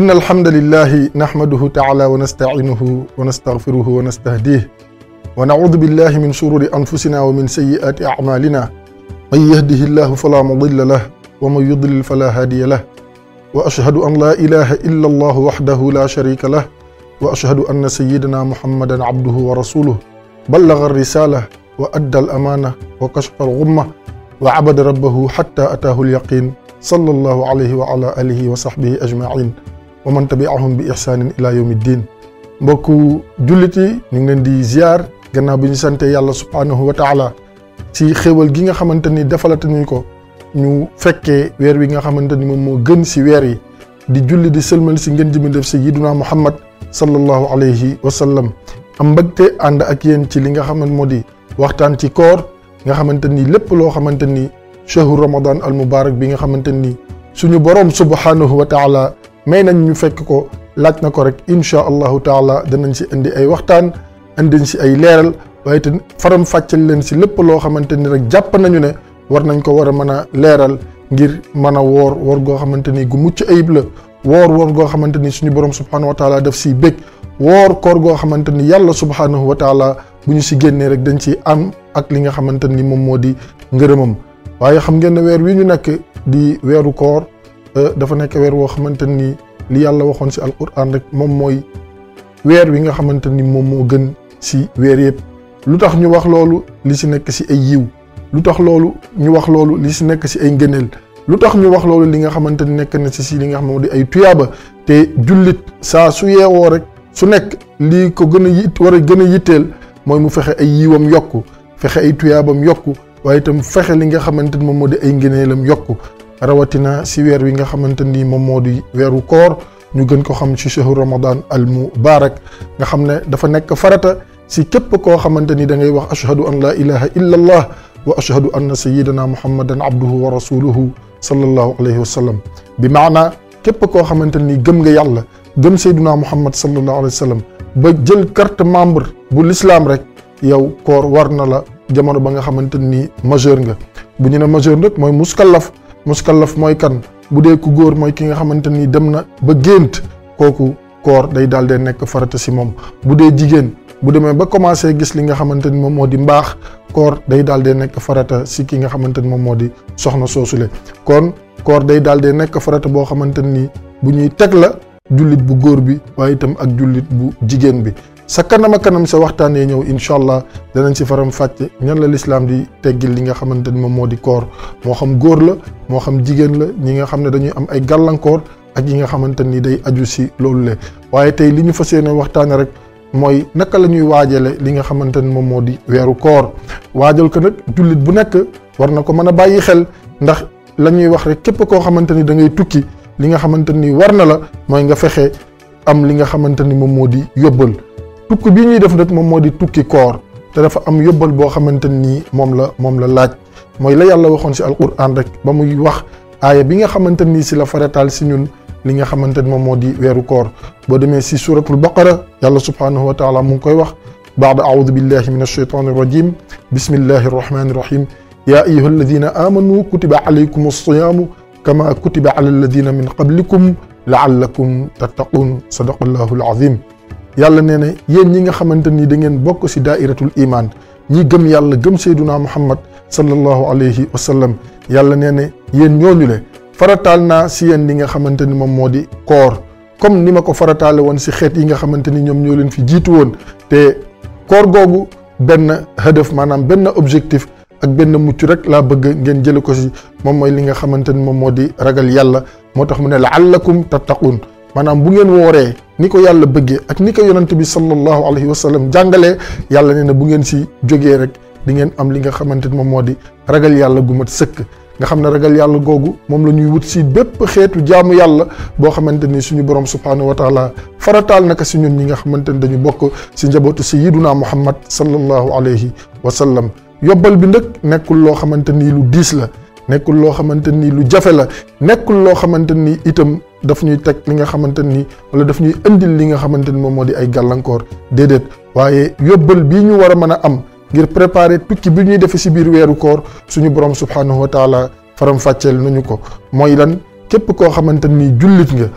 إن الحمد لله نحمده تعالى ونستعينه ونستغفره ونستهديه ونعوذ بالله من شرور أنفسنا ومن سيئات أعمالنا من يهده الله فلا مضل له ومن يضلل فلا هادي له وأشهد أن لا إله إلا الله وحده لا شريك له وأشهد أن سيدنا محمدا عبده ورسوله بلغ الرسالة وأدى الأمانة وكشف الغمة وعبد ربه حتى أتاه اليقين صلى الله عليه وعلى آله وصحبه أجمعين wa man tabi'ahum bi ihsanin ila yawmiddin mbok juliti ñu ngi leen di ziar gannaaw bi ñu sante yalla subhanahu wa taala ci xewal gi nga xamanteni ni ñu ko ñu fekke weer wi nga xamanteni mom mo gën si weri, yi di julli di selmal ci ngeen jëmi def sayyiduna muhammad sallallahu alayhi wa sallam am akien and ak yeen ci li nga xamanteni modi di waxtaan ci koor nga xamanteni lepp lo xamanteni shahru ramadan al mubarak bi nga xamanteni suñu borom subhanahu wa taala may nañ ñu fekk ko laaj na ko rek insha allahu taala danañ si indi ay waxtaan indiñ ci ay leral waaye faram faccel leen ci lepp lo xamanteni rek japp nañu ne war nañ ko war mëna leral ngir mëna wor wor go xamanteni gu mucc ayib la wor wor go xamanteni suñu borom subhanahu wa taala def ci bekk wor kor go xamanteni yalla subhanahu wa taala buñu ci génné rek dañ si am ak li nga xamanteni mom modi ngeureumam di xam ngeen ne wi ñu di wëru koor Euh, dafa nekk weer woo xamante ni li yàlla waxoon si al alquran rek moom mooy weer wi nga xamante ni moom moo gën si weer yëpp lu tax ñu wax loolu li si nekk si ay yiw lu tax loolu ñu wax loolu li si nekk si ay ngëneel lu tax ñu wax loolu li nga xamante ni nekk na si si li nga xam ne di ay tuyaaba te jullit saa su yeewoo rek su nekk lii ko gën a yit war a gën a yitteel mooy mu fexe ay yiwam yokk fexe ay tuyaabam yokku waaye itam fexe li nga xamante ni moom moo di ay ngëneelam yokku rawatina si weer wi nga xamante ni moom moo di weeru koor ñu gën ko xam ci shahru ramadan al mubarak nga xam ne dafa nekk farata si képp koo xamante ni da ngay wax ashhadu an la ilaha illa allah wa ashhadu anna sayidana muhammadan abduhu wa rasuluhu sallallahu alayhi wa sallam bi maana képp koo xamante ni gëm nga yàlla gëm sayduna muhammad sallallahu alayhi wa sallam ba jël carte membre bu l'islam rek yow koor war na la jamono ba nga xamante ni majeur nga bu ñu ne majeur nag mooy muskallaf muskallaf mooy kan bu dee ku góor mooy ki nga xamante ni dem na ba gént kooku koor day daal dee nekk farata si moom bu dee jigéen bu demee ba commencé gis li nga xamante ni moom moo di mbaax koor day daal dee nekk farata si ki nga xamante ni moom moo di soxna soosule kon koor day daal dee nekk farata boo xamante ni bu ñuy teg la jullit bu góor bi waaye itam ak jullit bu jigéen bi sa kanam a kanam sa waxtaanee ñëw incha allah danañ si faram fàcce ñan la lislaam di teggil li nga xamante ni moom moo di koor moo xam góor la moo xam jigéen la ñi nga xam ne dañuy am ay gàllankoor ak yi nga xamante ni day aju si loolu le waaye tey li ñu fas yéene waxtaane rek mooy naka la ñuy waajale li nga xamante ni moom moo di weeru koor waajal ko nag jullit bu nekk war na ko mën a bàyyi xel ndax la ñuy wax rek képp koo xamante ni da ngay tukki li nga xamante ni war na la mooy nga fexe am li nga xamante ni moom moo di yóbbal tukki bi ñuy def nag moom moo di tukki koor te dafa am yóbbal boo xamante nii moom la moom la laaj mooy la yàlla waxoon si alquran rek ba muy wax aaya bi nga xamante nii si la farataal si ñun li nga xamante ni moom moo di weeru koor boo demee si suratul baqara yàlla subhanahu wa taala mu ngi koy wax baada audu billahi min alsheytan irrajim bismillahi arrahmani irrahim yaa ayuha alladina amanu kutiba alaykum alsiyaamu kama kutiba ala alladina min qablikum laallakum tattaquun sadaqa allahu alazim yàlla nee na yéen ñi nga xamante ni da ngeen bokk si daairatul iman ñi gëm yàlla gëm sayduna muhammad sallallahu alayhi wa sallam yàlla nee na yéen ñooñu le farataal naa si yéen li nga xamante ni moom moo di koor comme ni ma ko farataale woon si xeet yi nga xamante ni ñoom ñoo leen fi jiitu woon te koor googu benn hadaf maanaam benn objectif ak benn mucc rek laa bëgg ngeen jële ko si moom mooy li nga xamante ni moom moo di ragal yàlla moo tax mu ne laallakum tattaqun maanaam bu ngeen wooree ni ko yàlla bëggee ak ni ko yonante bi sallallahu alayhi wa sallam jàngalee yàlla nee na bu ngeen si jógee rek dingeen ngeen am li nga xamante ne moom moo di ragal yàlla gu mat sëkk nga xam ne ragal yàlla googu moom la ñuy wut si bépp xeetu jaamu yàlla boo xamante ni suñu borom subhaanahu wa taala farataal naka si ñun ñi nga xamante ni dañu bokk si njabootu sayyiduna muhammad sallallahu alayhi wa sallam yobbal bi nag nekkul loo xamante ni lu diis la nekkul loo xamante ni lu jafe la nekkul loo xamante ni itam daf ñuy teg li nga xamanteni ni wala daf ñuy indil li nga xamanteni ni moom moo di ay gàllankoor déedéet waaye yóbbal bii ñu war a am ngir préparer tukki bi ñuy def si biir weeru koor suñu borom subhanahu wa taala faram fàcceel nañu ko mooy lan képp koo xamanteni ni jullit nga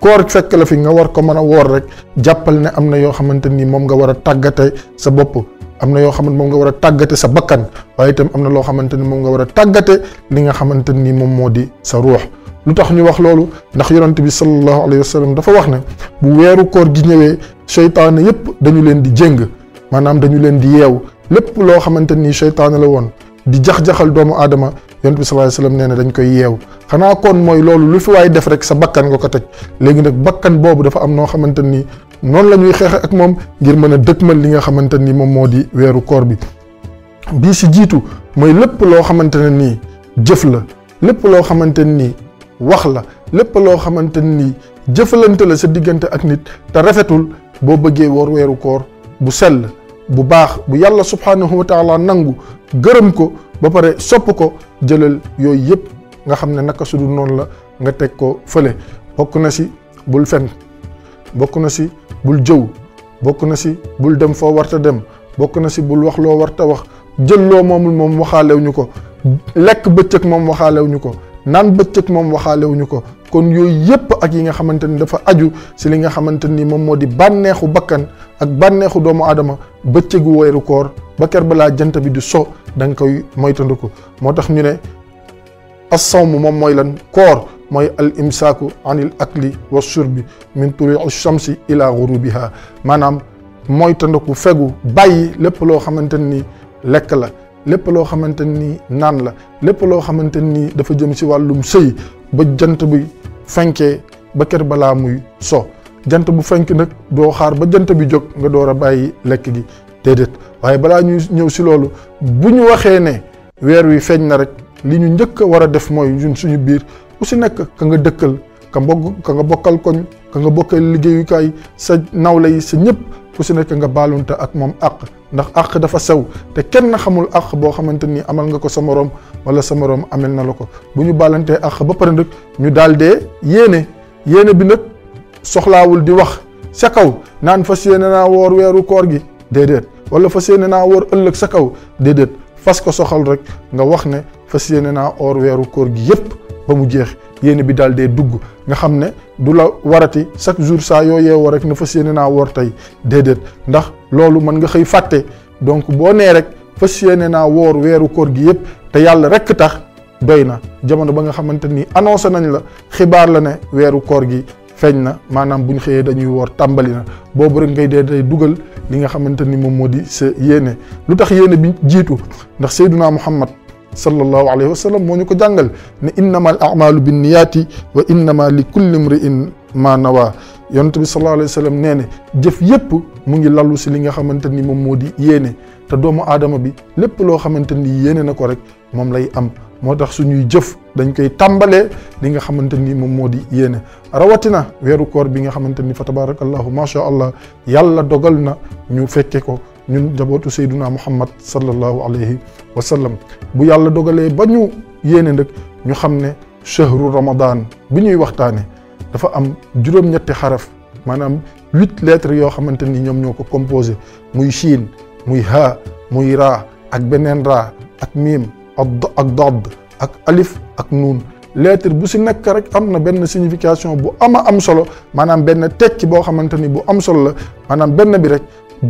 koor fekk la fi nga war ko mën a rek jàppal ne am na yoo xamante ni moom nga war a tàggate sa bopp am na yoo xamante moom nga war a tàggate sa bakkan waaye itam am na loo xamante ni moom nga war a tàggate li nga xamante ni moom sa ruux lutax ñu wax lolu ndax yaronte bi sallallahu alayhi wasallam dafa wax ne bu wéru koor gi ñëwé cheytaane yépp dañu leen di jëng manam dañu leen di yew lepp lo xamanteni ni la won di jax-jaxal doomu aadama yaronte bi sallallahu alayhi wasallam neena dañ koy yew xana kon moy lolu lu fi way def rek sa bakkan nga ko tej nak bakkan bobu dafa am no xamanteni non lañuy la ak mom ngir mëna a li nga xamanteni mom modi wéru di koor bi bi ci jitu moy lepp lo xamanteni jëf la lepp lo xamanteni wax la lépp loo xamante ni jëfalante la sa diggante ak nit te rafetul boo bëggee woor weeru koor bu sell bu baax bu yàlla subhaanahu wa taala nangu gërëm ko ba pare sopp ko jëlal yooyu yëpp nga xam ne naka su dul noonu la nga teg ko fële bokk na si bul fen bokk na si bul jëw bokk na si bul dem foo warta dem bokk na si bul wax loo warta wax jël loo moomul moom waxaalew ñu ko lekk bëccëg moom waxaalew ñu ko naan bëccëg moom waxaalewuñu ko kon yooyu yépp ak yi nga xamante ni dafa aju si li nga xamante ni moom moo di bànneexu bakkan ak bànneexu doomu aadama bëccëgu weeru koor ba ker balaa jant bi di so da nga koy moytandiku moo tax ñu ne assawm moom mooy lan koor mooy al imsaaku anil akli wa shurbi min tuluu shamsi ila gurubiha maanaam moytandiku fegu bàyyi lépp loo xamante ni lekk la lépp loo xamante ni naan la lépp loo xamante ni dafa jëm ci wàllum sëy ba jant bi fenkee ba kër balaa muy so jant bu fenk nag doo xaar ba jant bi jóg nga door a bàyyi lekk gi déedéet waaye balaa ñu ñëw si loolu bu ñu waxee ne weer wi feeñ na rek li ñu njëkk wara war a def mooy ñun suñu biir ku si nekk ka nga dëkkal ka mbokk ka nga bokkal koñ ka nga bokkal liggéeyukaay sa nawle sa ñëpp ku si nekk nga baalunte ak moom àq ndax àq dafa sew te kenn xamul àq boo xamante ni amal nga ko sa moroom wala sa moroom amel na la ko bu ñu baalantee àq ba pare nag ñu daal dee yéene yéene bi nag soxlaawul di wax sa kaw naan fas yéene naa woor weeru koor gi déedéet wala fas yéene naa woor ëllëg sa kaw déedéet fas ko soxal rek nga wax ne fas yéene naa oor weeru koor gi yépp ba mu jeex yéene bi daal dee dugg nga xam ne du la warati chaque jour saa yoo yeewoo rek na fas yéene naa woor tey déedéet ndax loolu mën nga xëy fàtte donc boo nee rek fës yéene naa woor weeru koor gi yépp te yàlla rek tax doy na jamono ba nga xamante ni annoncé nañ la xibaar la ne weeru koor gi feeñ na maanaam bu ñu xëyee dañuy woor tàmbali na boobu rek ngay dee day dugal li nga xamante ni moom moo di se yéene lu tax yéene bi jiitu ndax Seydunaa Muhammad sallallahu alayhi wa sallam moo ñu ko jàngal ne innama al amalu binniyaati wa innama li kulli mriin ma nawa yonent bi sallallahu alayhi wa sallam nee ne jëf yépp mu ngi lallu si li nga xamante ni moom moo di yéene te doomu aadama bi lépp loo xamante ni yéene na ko rek moom lay am moo tax suñuy jëf dañ koy tàmbalee li nga xamante ni moom moo di yéene rawatina weeru koor bi nga xamante ni fa tabarakallahu ma sha allah yàlla dogal na ñu fekke ko ñun jabootu sayyiduna muhammad sallallahu alayhi wa sallam bu yàlla dogalee ba ñu yéene nag ñu xam ne chahru ramadan bi ñuy waxtaane dafa am juróom-ñetti xaraf maanaam 8 lettres yoo xamante ni ñoom ñoo ko composé muy chiin muy ha muy ra ak beneen ra ak miim ak dodd ak alif ak nun lettre bu si nekk rek am na benn signification bu ama am solo maanaam benn tekk boo xamante ni bu am solo la maanaam benn bi rek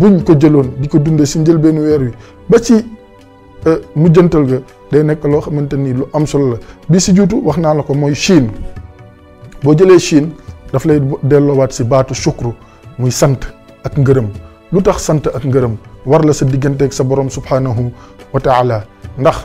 buñ ko jëloon di ko dundee si njëlbeenu weer wi ba ci euh, mujjantal ga day nekk loo xamante ni lu am solo la bi si juutu wax naa la ko mooy Chine boo jëlee Chine daf lay delloowaat si baatu shukru muy sant ak ngërëm lu tax sant ak ngërëm war la sa digganteeg sa borom subhanahu wa taala ndax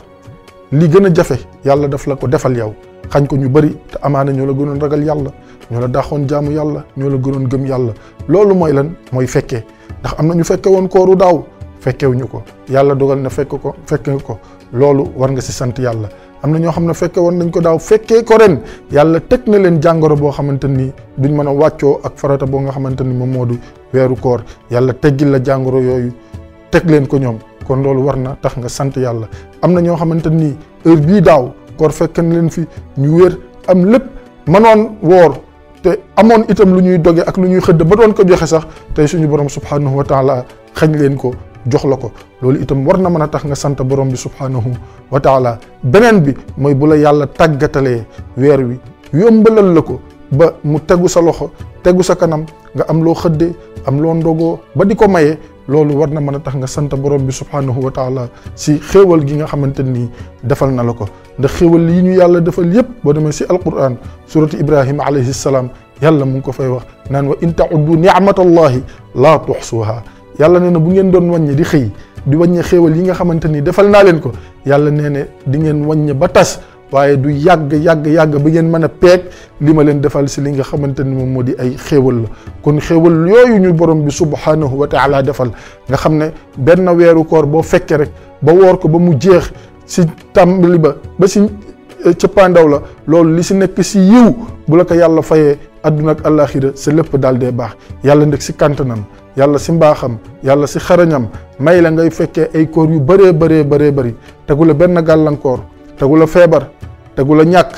li gën a jafe yàlla daf la ko defal yow xañ ko ñu bëri te amaana ñoo la gënoon ragal yàlla ñoo la dàqoon jaamu yàlla ñoo la gënoon gëm yàlla loolu mooy lan mooy fekkee ndax am na ñu fekke woon kooru daaw fekkewuñu ko yàlla dogal na fekk ko fekke ko loolu war nga si sant yàlla am na ñoo xam ne fekke woon nañ ko daaw fekkee ko ren yàlla teg na leen jàngoro boo xamante ni duñ mën a wàccoo ak farata boo nga xamante ni moom moo du weeru koor yàlla teggil la jàngoro yooyu teg leen ko ñoom kon loolu war na tax nga sant yàlla am na ñoo xamante ni heure bii daaw koor fekk na leen fi ñu wér am lépp mënoon woor te amoon itam lu ñuy doge ak lu ñuy xëdd ba doon ko joxe sax tey suñu borom subhanahu wa taala xañ leen ko jox la ko loolu itam war na mën a tax nga sant borom bi subhanahu wa taala beneen bi mooy bu la yàlla tàggatalee weer wi yombalal la ko ba mu tegu sa loxo tegu sa kanam nga am loo xëddee am loo ndogoo ba di ko mayee loolu war na mën a tax nga sant borom bi subhaanahu wa taala si xéewal gi nga xamante nii defal na la ko ndax xéewal yi ñu yàlla defal yépp boo demee si alquran suratu ibrahima alayhi salaam yàlla mu ngi ko fay wax naan wa in tauddu niamatallahi laa tuxsuha yàlla nee na bu ngeen doon wàññi di xëy di wàññe xéewal yi nga xamante ni defal naa leen ko yàlla nee ne di ngeen wàññe ba tas waaye du yàgg yàgg yàgg ba ngeen mën a peeg li ma leen defal si li nga xamante ni moom moo di ay xéewal la kon xéewal yooyu ñu borom bi subhanahu wa taala defal nga xam ne benn weeru koor boo fekkee rek ba woor ko ba mu jeex si tàmbali ba ba si eh, cëppaandaw la loolu li si nekk si yiw bu la ko yàlla fayee àdduna ak àllaaxira sa lëpp daal dee baax yàlla ndek si kàntanam yàlla si mbaaxam yàlla si xarañam may la ngay fekkee ay koor yu bëree bëree bëree bëri tegu la benn gàllankoor tegul la ñàkk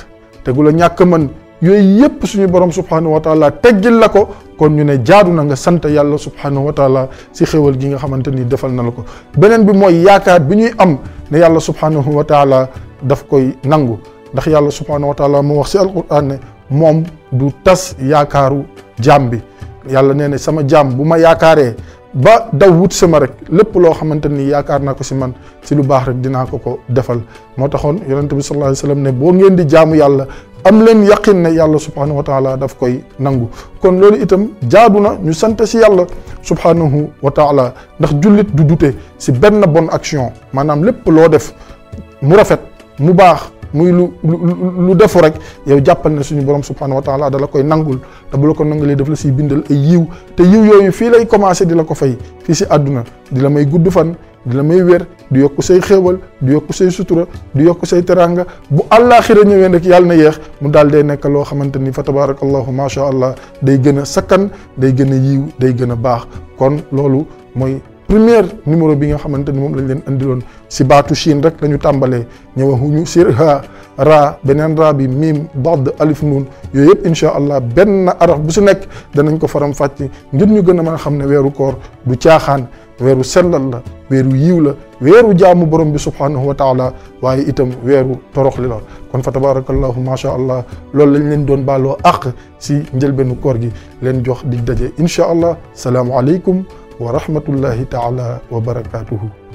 tegul la ñàkk man yooyu yépp suñu borom subhanahu wa taala teggil la ko kon ñu ne jaadu na nga sant yàlla subhanahu wa si xéwal ji nga xamante ni defal na la ko beneen bi mooy yaakaar bi ñuy am ne yàlla subhanahu wa taala daf koy nangu ndax yàlla subhanahu wa mu wax si alquran ne moom du tas yaakaaru jaam bi yàlla nee ne sama jaam bu ma yaakaaree ba daw wut ma rek lépp loo xamante ni yaakaar naa ko si man si lu baax rek dinaa ko ko defal moo taxoon yonente bi sallallahu alayhi wasallam ne boo ngeen di jaamu yàlla am leen yaqin ne yàlla subhanahu wa taala daf koy nangu kon loolu itam jaadu na ñu sant si yàlla subhanahu wa taala ndax jullit du dute si benn bonne action maanaam lépp loo def mu rafet mu baax muy lu lu defu rek yow jappal na suñu borom subhanahu wa taala dala koy nangul da bu la ko nangalee la ci bindal ay yiw te yiw yooyu fi lay commencer di la ko fay fi ci aduna di la may guddu fan di la may wer du yok say xewal du yok say sutura du yok say teranga bu Allah ñewé nak yalla na yeex mu dal day nek lo xamanteni fa fa ma sha allah day gëna a sakkan day gëna yiw day gëna bax kon lolu moy première numéro bi nga xamante ni moom lañ leen andiloon si baatu Chine rek lañu tàmbalee ñu si ha ra beneen ra bi miim bad alif nuun yooyu yëpp incha allah benn araf bu si nekk danañ ko faram fàcc ngir ñu gën a mën xam ne weeru koor du caaxaan weeru sellal la weeru yiw la weeru jaamu borom bi subhanahu wa taala waaye itam weeru toroxli la kon fa tabarakallahu macha allah loolu lañ leen doon baaloo àq si njëlbeenu koor gi leen jox dig daje incha allah salaamualeykum ورحمة الله تعالى وبركاته